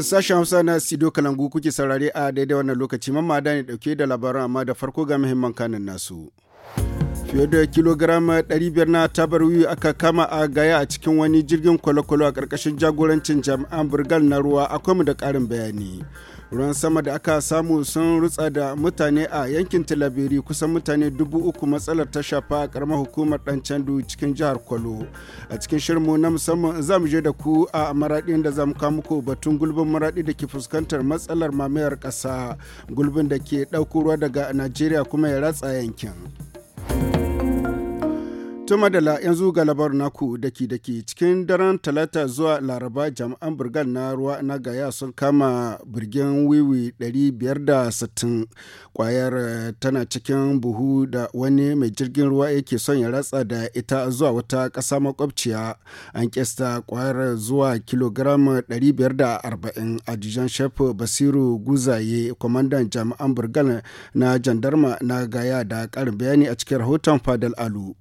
Sashen Hausa na Sido Kalangu kuke saurare a daidai wannan lokaci mamma da ne dauke da labaran amma da farko ga muhimman kanin nasu. fiye da kilogram 500 na tabar aka kama a gaya a cikin wani jirgin kwale a ƙarƙashin jagorancin jami'an burgal na ruwa akwai mu da ƙarin bayani ruwan sama da aka samu sun rutsa da mutane a yankin talabiri kusan mutane dubu uku matsalar ta shafa a karamar hukumar dan candu cikin jihar kwalo a cikin shirmu na musamman za mu je da ku a maraɗin da za mu kawo muku batun gulbin maraɗi da ke fuskantar matsalar mamayar kasa gulbin da ke ɗauko ruwa daga najeriya kuma ya ratsa yankin. Tuma da yanzu ga naku daki daki cikin daren talata zuwa laraba jami'an burgal na ruwa na gaya sun kama birgin wiwi 560 kwayar eh, tana cikin buhu da wani mai jirgin ruwa yake son ya ratsa da ita zuwa wata ƙasa makwabciya an kesta kwayar zuwa kilogram 540 a dijon shef basiru guzaye kwamandan jami'an birgal na jandarma na gaya da ƙarin bayani a cikin rahoton fadal alu.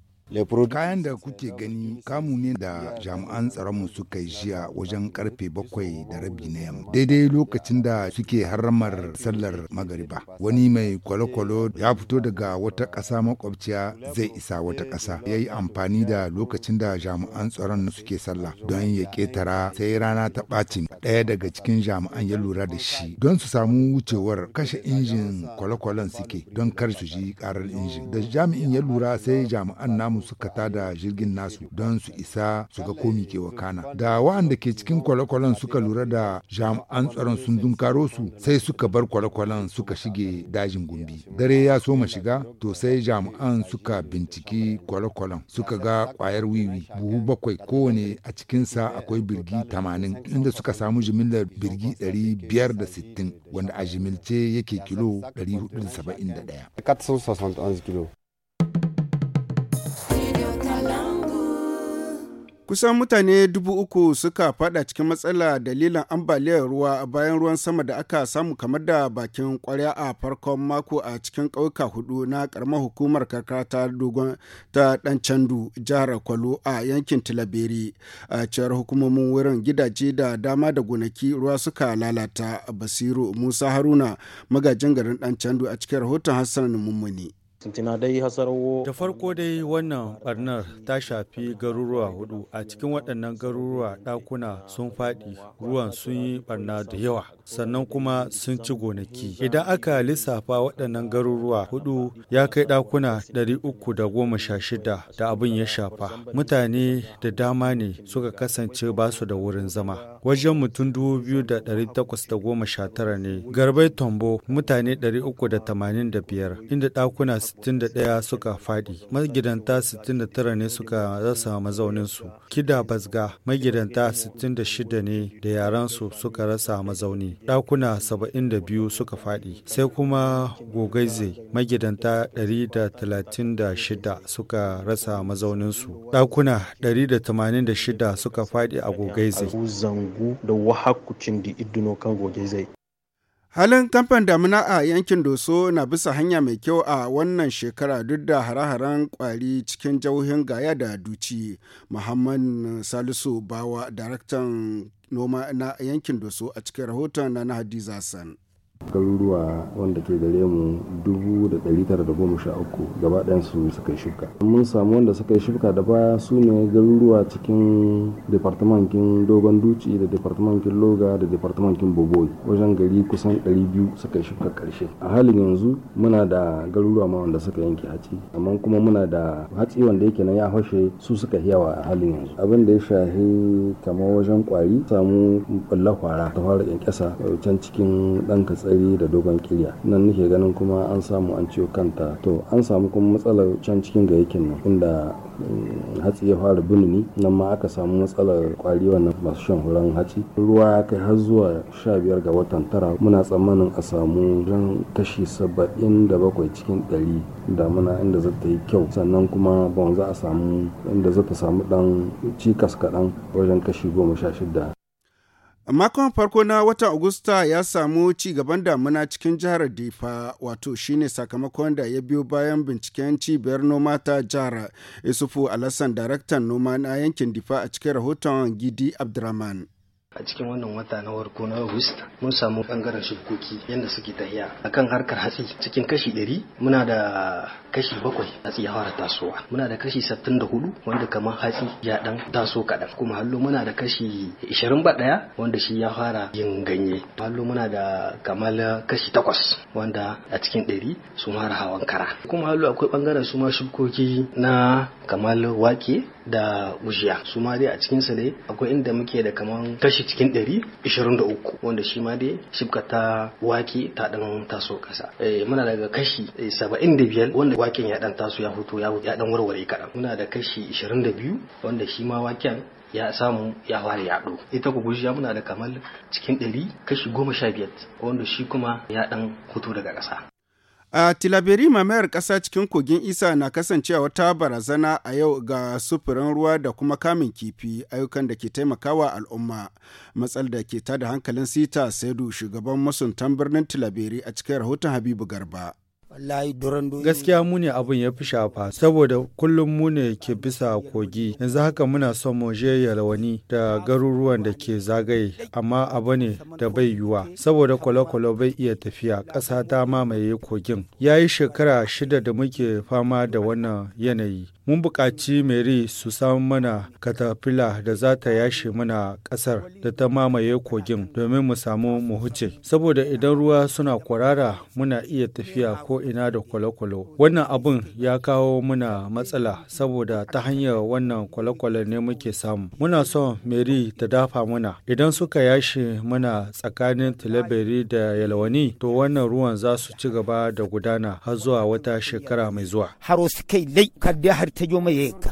Kayan da kuke gani kamu ne da jami'an tsaronmu suka yi jiya wajen karfe bakwai da rabi na yamma. Daidai lokacin da suke haramar sallar magariba. Wani mai kwalokwalo ya fito daga wata ƙasa makwabciya zai isa wata ƙasa. Ya yi amfani da lokacin da jami'an tsaron suke sallah don ya ƙetara sai rana ta ɓacin. Ɗaya daga cikin jami'an ya lura da shi don su samu wucewar kashe injin kwalokwalon suke don kar su ji ƙarar injin. Da jami'in ya lura sai jami'an namu namu suka da jirgin nasu don su isa su ga komi ke wakana da waɗanda ke cikin kwale-kwalen suka lura da jami'an tsaron sun dunkaro su sai suka bar kwale-kwalen suka shige dajin gumbi dare ya soma shiga to sai jami'an suka binciki kwale-kwalen suka ga kwayar wiwi buhu bakwai kowane a cikinsa akwai birgi tamanin inda suka samu jimillar birgi ɗari biyar da sittin wanda a jimilce yake kilo ɗari hudu da saba'in da ɗaya Kusan mutane dubu uku suka fada cikin matsala dalilin ambaliyar ruwa bayan ruwan sama da aka samu kamar da bakin kwarya a farkon mako a cikin ƙauyuka hudu na karamar hukumar karkara ta dogon ta dan candu jihar kwalo a yankin tilaberi a cewar hukumomin wurin gidaje da dama da gonaki ruwa suka lalata basiru musa haruna magajin garin dan candu a cikin rahoton hassan mummuni. Da farko dai wannan barnar ta shafi garuruwa hudu a cikin waɗannan garuruwa ɗakuna sun faɗi ruwan sun yi barna da yawa sannan kuma sun ci gonaki. Idan aka lissafa waɗannan garuruwa hudu ya kai ɗakuna 316 da abin ya shafa. Mutane da dama ne suka kasance ba su da wurin zama. Wajen mutum 2,819 ne. Garbai Tombo mutane 385 inda ɗakuna 61 suka faɗi, magidanta 69 ne suka rasa mazauninsu. Kida basga magidanta 66 ne da yaransu suka rasa mazauni. Ɗakuna 72 suka faɗi. Sai kuma Gogaize magidanta 136 suka rasa mazauninsu. Ɗakuna 186 suka faɗi a Gogaize. Halin kamfan damina a yankin Doso na bisa hanya mai kyau a wannan shekara duk da hare-haren kwari cikin jauhin Gaya da Duci. Muhammad Salisu Bawa, daraktan noma na yankin Doso a cikin rahoton na Hadiza San. garuruwa wanda ke gare mu uku, gaba su suka yi shifka mun samu wanda suka yi shifka da baya su ne garuruwa cikin departamentin dogon duci da departamentin loga da departamentin boboi wajen gari kusan biyu suka yi shifka karshe a halin yanzu muna da garuruwa ma wanda suka yanke hatsi amma kuma muna da hatsi wanda yake na ya hoshe su suka yawa a halin yanzu abin da ya shahi kamar wajen kwari samu ɓallar kwara ta fara kyankyasa can cikin ɗan katsi tsari da dogon kirya nan nake ganin kuma an samu an ciwo kanta to an samu kuma matsalar can cikin ga yakin nan inda mm, hatsi ya fara binini nan ma aka samu matsalar kwari wannan masu shan huran hatsi ruwa ya kai har zuwa sha biyar ga watan tara muna tsammanin a samu ran kashi saba'in da bakwai cikin ɗari damuna inda za ta yi kyau sannan kuma ban za a samu inda za ta samu dan cikas kaɗan wajen kashi goma sha shida makon farko na watan agusta ya samu ci gaban damuna cikin jihar difa wato shine sakamakon da ya biyo bayan binciken cibiyar noma ta jihar isufu alassan daraktan noma na yankin difa a cikin rahoton gidi abdurrahman a cikin wannan wata na warko na August mun samu bangaren shukoki yadda suke tahiya akan harkar hatsi cikin kashi 100 muna da kashi 7 hatsi ya fara tasowa muna da kashi 64 wanda kamar hatsi ya dan taso kadan kuma hallo muna da kashi 21 wanda shi ya fara yin ganye hallo muna da kamar kashi 8 wanda a cikin 100 su mara hawan kara kuma hallo akwai bangaren su ma shukoki na kamar wake da mujiya su ma dai a cikinsa ne akwai inda muke da kaman kashi cikin 123 ishirin da uku wanda shi ma dai shibka ta wake ta dan taso ƙasa eh, muna daga kashi eh, saba'in da biyar wanda waken ya dan taso ya huto ya dan warware kaɗan muna da kashi ishirin da biyu wanda shi ma waken ya samu ya fara yaɗo ita ku gujiya muna da kamar cikin 100 kashi goma sha biyar wanda shi kuma ya dan huto daga ƙasa A Tilaberi mamayar ƙasa cikin kogin Isa na kasancewa wata barazana a yau ga sufurin ruwa da kuma kamun kifi ayyukan da ke taimakawa al'umma. Matsal da ke tada hankalin Sita Saidu shugaban masuntan birnin Tilaberi a cikin rahoton Habibu Garba. Gaskiya mu ne abin ya fi shafa saboda kullum mu ne ke bisa kogi yanzu haka muna son mu je yalwani da garuruwan da ke zagaye amma abu ne da bai yiwa saboda kwale-kwale bai iya tafiya ƙasa ta mamaye kogin ya yi shekara shida da muke fama da wannan yanayi mun buƙaci mary su samu mana katafila da za ta yashe mana ƙasar da ta mamaye kogin domin mu samu mu huce saboda idan ruwa suna kwarara muna iya tafiya ko ina da kwale-kwale wannan abun ya kawo muna matsala saboda ta hanyar wannan kwale-kwale ne muke samu muna son mary ta dafa mana idan suka yashe mana tsakanin tilaberi da yalwani to wannan ruwan za su ci gaba da gudana har zuwa wata shekara mai zuwa ta yi yeka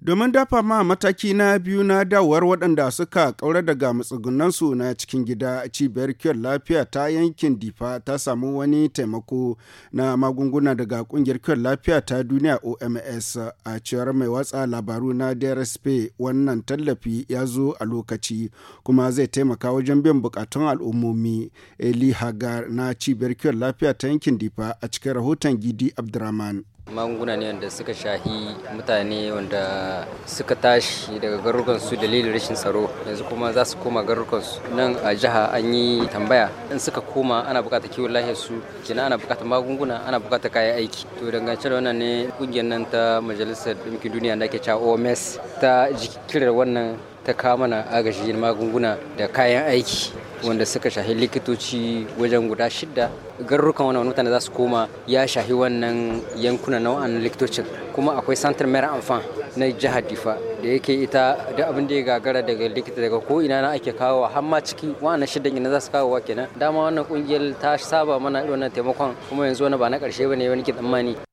domin dafa ma mataki na biyu na dawowar waɗanda suka ƙaura daga matsugunansu na cikin gida a cibiyar kiwon lafiya ta yankin difa ta samu wani taimako na magunguna daga ƙungiyar kiwon lafiya ta duniya oms a cewar mai watsa labaru na drsp wannan tallafi ya zo a lokaci kuma zai taimaka wajen biyan buƙatun al'ummomi eli hagar na cibiyar kiwon lafiya ta yankin difa a cikin rahoton gidi abdurrahman magunguna ne wanda suka shahi mutane wanda suka tashi daga garurukansu dalilin rashin tsaro yanzu kuma za su koma su nan a jiha an yi tambaya in suka koma ana bukata kiwon lafiyar su kina ana bukatar magunguna ana bukata kayan aiki to dangance da wannan ne kungiyar nan ta majalisar ɗinkin duniya da ke cewa oms ta jikirar wannan ta kama mana agajin magunguna da kayan aiki wanda suka shahi likitoci wajen guda shida garurukan wani mutane za su koma ya shahi wannan yankuna na wa'an likitocin kuma akwai santar mayar amfan na jihar difa da yake ita da abin da ya gagara daga likita daga ko ina na ake kawo har ma ciki wa'annan shidan ina za su kawo wa kenan dama wannan kungiyar ta saba mana irin wannan taimakon kuma yanzu wani ba na karshe bane wani ke tsammani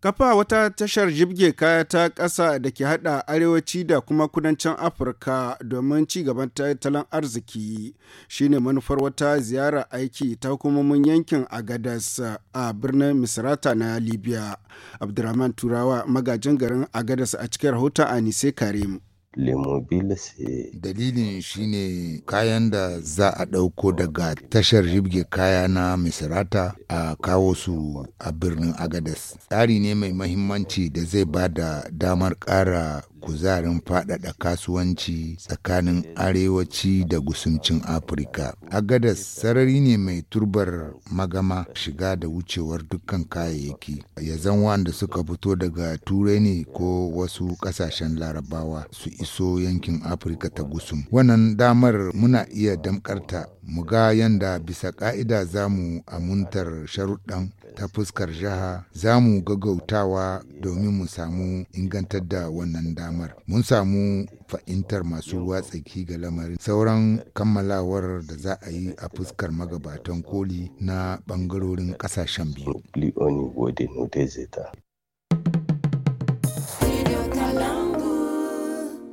Kafa wata tashar jibge kaya ta ƙasa da ke haɗa arewaci da kuma kudancin Afirka domin ci gaban tattalin arziki shine manufar wata ziyara aiki ta hukumomin yankin Agadas a birnin Misrata na Libya. Abdurrahman Turawa magajin garin Agadas a cikin rahoton Anise Karim. lemobile se dalilin shine kayan da za a ɗauko daga tashar jibge kaya na misirata a kawo su a birnin agadas tsari ne mai mahimmanci da zai ba da damar ƙara kuzarin faɗaɗa kasuwanci tsakanin arewaci da gusuncin afirka agadas sarari ne mai turbar magama shiga da wucewar dukkan kayayyaki ya zan wanda suka fito daga turai ne ko wasu ƙasashen larabawa su iso yankin afirka ta gusum wannan damar muna iya damkarta mu ga yanda bisa ƙa'ida za mu amuntar sharuɗan ta fuskar jiha za mu gaggautawa domin mu samu ingantar da wannan damar. Mun samu fahimtar masu ruwa tsaki ga lamarin sauran kammalawar da za a yi a fuskar magabatan koli na bangarorin kasashen biyu.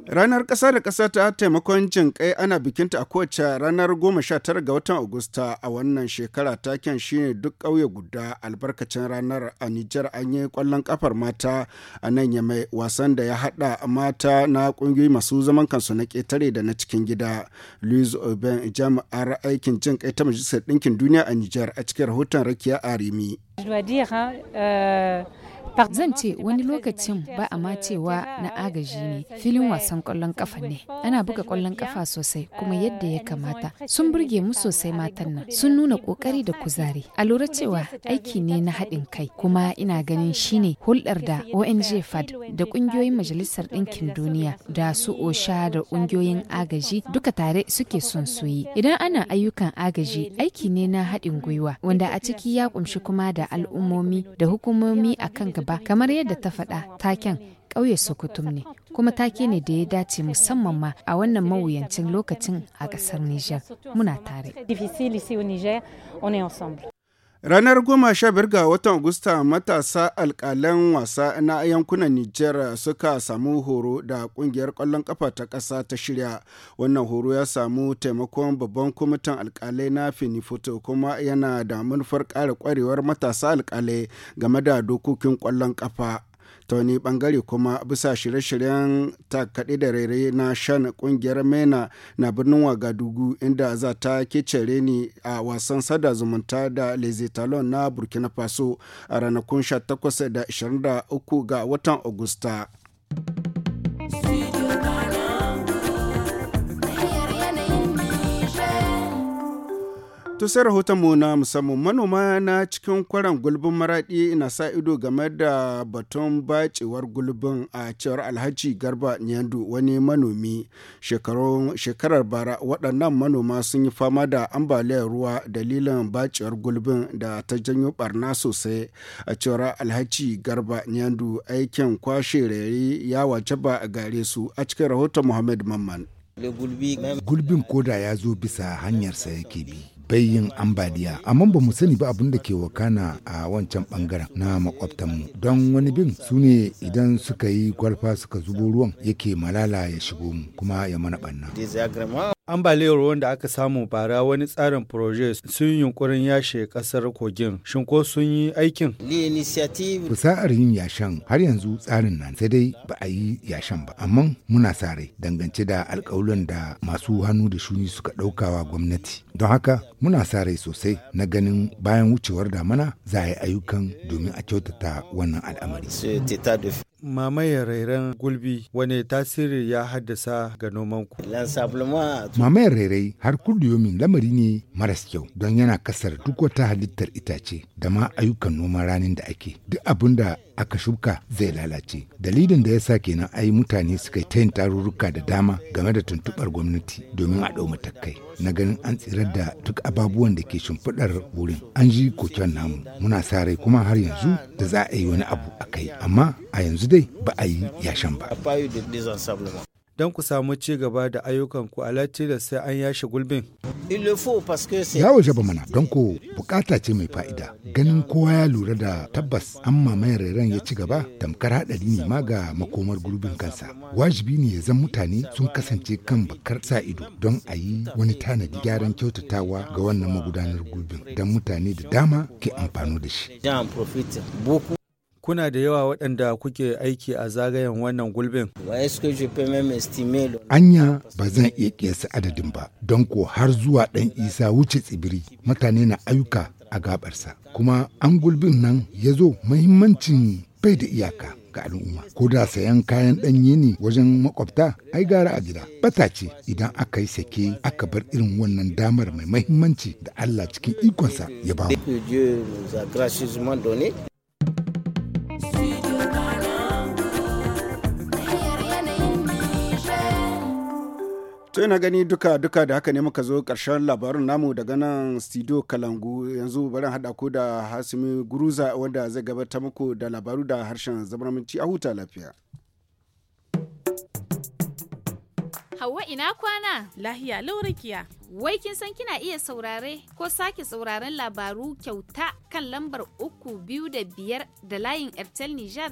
Ranar ƙasa da ƙasa ta taimakon jin kai ana bikinta a kowace ranar 19 ga watan Agusta a wannan shekara taken shine duk ƙauye guda albarkacin ranar a Nijar an yi ƙwallon ƙafar mata a nan ya mai wasan da ya haɗa mata na ƙungiyoyi masu zaman kansu na ƙetare da na cikin gida. Louis Oben jami'ar aikin jin kai ta Majalisar Ɗinkin Duniya a Nijar a cikin rahoton Rakiya Arimi. Zan ce wani lokacin ba a ma cewa na agaji ne filin wasan kwallon kafa ne. Ana buga kwallon kafa sosai kuma yadda ya kamata. Sun burge mu sosai matan nan. Sun nuna kokari da kuzari. A lura cewa aiki ne na haɗin kai kuma ina ganin shine hulɗar da ONG FAD da ƙungiyoyin Majalisar Ɗinkin Duniya da su OSHA da ƙungiyoyin agaji duka tare suke son su yi. Idan ana ayyukan agaji aiki ne na haɗin gwiwa wanda a ciki ya ƙunshi kuma da al'ummomi da hukumomi akan gaba kamar yadda ta faɗa taken ƙauye Sokotum ne kuma take ne da ya dace musamman ma a wannan mawuyancin lokacin a ƙasar Nijar muna tare. Ranar goma sha biyar ga watan Agusta matasa alkalan wasa na yankunan Nijar suka samu horo da kungiyar ƙwallon ƙafa ta ƙasa ta shirya. Wannan horo ya samu taimakon babban kwamitin alkalai na Finifoto kuma yana da manufar kara kwarewar matasa alkalai game da dokokin ƙwallon ƙafa. ta wani bangare kuma bisa shirye-shiryen takaɗe da rairaye na shan ƙungiyar mena na birnin wagadugu inda za ta kicere ni a wasan sada zumunta da talon na burkina faso a ranakun 18 da 23 ga watan agusta. wato sai rahotonmu na musamman manoma na cikin kwaran gulbin maraɗi na sa ido game da batun bacewar gulbin a cewar Alhaji Garba Nyandu wani manomi shekarar bara waɗannan manoma sun yi fama da ambaliyar ruwa dalilin bacewar gulbin da ta janyo barna sosai a cewar Alhaji Garba Nyandu aikin kwashe rayi ya wajaba a gare su a cikin rahoton Muhammad Mamman. Gulbin koda ya zo bisa hanyarsa yake bi. bai yin ambaliya amma ba mu sani ba abin da ke wakana a wancan bangaren na mu. don wani bin su ne idan suka yi gwalfa suka zubo ruwan yake malala ya shigo mu kuma ya mana banna Ambaliyar ruwan da aka samu bara wani tsarin proje sun yunkurin yashe kasar kogin. Shin ko sun yi aikin? Fusa'ar yin yashan har yanzu tsarin nan sai dai ba a yi yashen ba. Amma muna sa rai dangance da alkawuran da masu hannu da shuni suka ɗaukawa gwamnati. Don haka muna sa sosai na ganin bayan wucewar damana za a yi ayyukan domin a kyautata wannan al'amari. Mamayar rairan gulbi wane tasiri ya haddasa ga nomanku? Mamayar rairai har kulliyomin lamari ne maras kyau don yana kasar duk wata halittar itace da ma ayyukan noman ranin da ake. Duk abin da aka shuka zai lalace dalilin da ya sa kenan ai mutane suka yi tayin tarurruka da dama game da tuntuɓar gwamnati domin a ɗau matakai na ganin an tsirar da duk ababuwan da ke shimfiɗar wurin an ji kokon namu muna sa rai kuma har yanzu da za a yi wani abu a kai amma a yanzu dai ba a yi yashan ba don ku samu ci gaba da ayyukanku a da sai an yashe gulbin waje ba mana don ko bukata ce mai fa'ida ganin kowa ya lura da tabbas an mamayar rairan ya ci gaba tamkar haɗari ne ma ga makomar gurbin kansa wajibi ne ya zan mutane sun kasance kan bakar sa ido don a yi wani tanadi gyaran kyautatawa ga wannan magudanar gurbin don mutane da dama ke amfano da shi kuna da yawa waɗanda kuke aiki a zagayen wannan gulbin? Anya ba zan iya kiyasa adadin ba, don ko har zuwa ɗan isa wuce tsibiri mutane na ayyuka a gabarsa. Kuma an gulbin nan ya zo mahimmancin bai da iyaka. ga al'umma ko da sayan kayan ɗanye ne wajen makwabta ai gara a gida bata ce idan aka yi sake aka bar irin wannan damar mai mahimmanci da allah cikin ikonsa ya ba To ina gani duka duka da haka ne muka zo karshen labarin namu daga nan studio Kalangu yanzu barin hada ko da Hasimi Guruza wanda zai gabatar muku da labaru da harshen zamananci a huta lafiya. Hauwa ina kwana? Lahiya laurakiya. Wai kin san kina iya saurare ko sake sauraren labaru kyauta kan lambar uku biyu da biyar da layin Airtel Niger?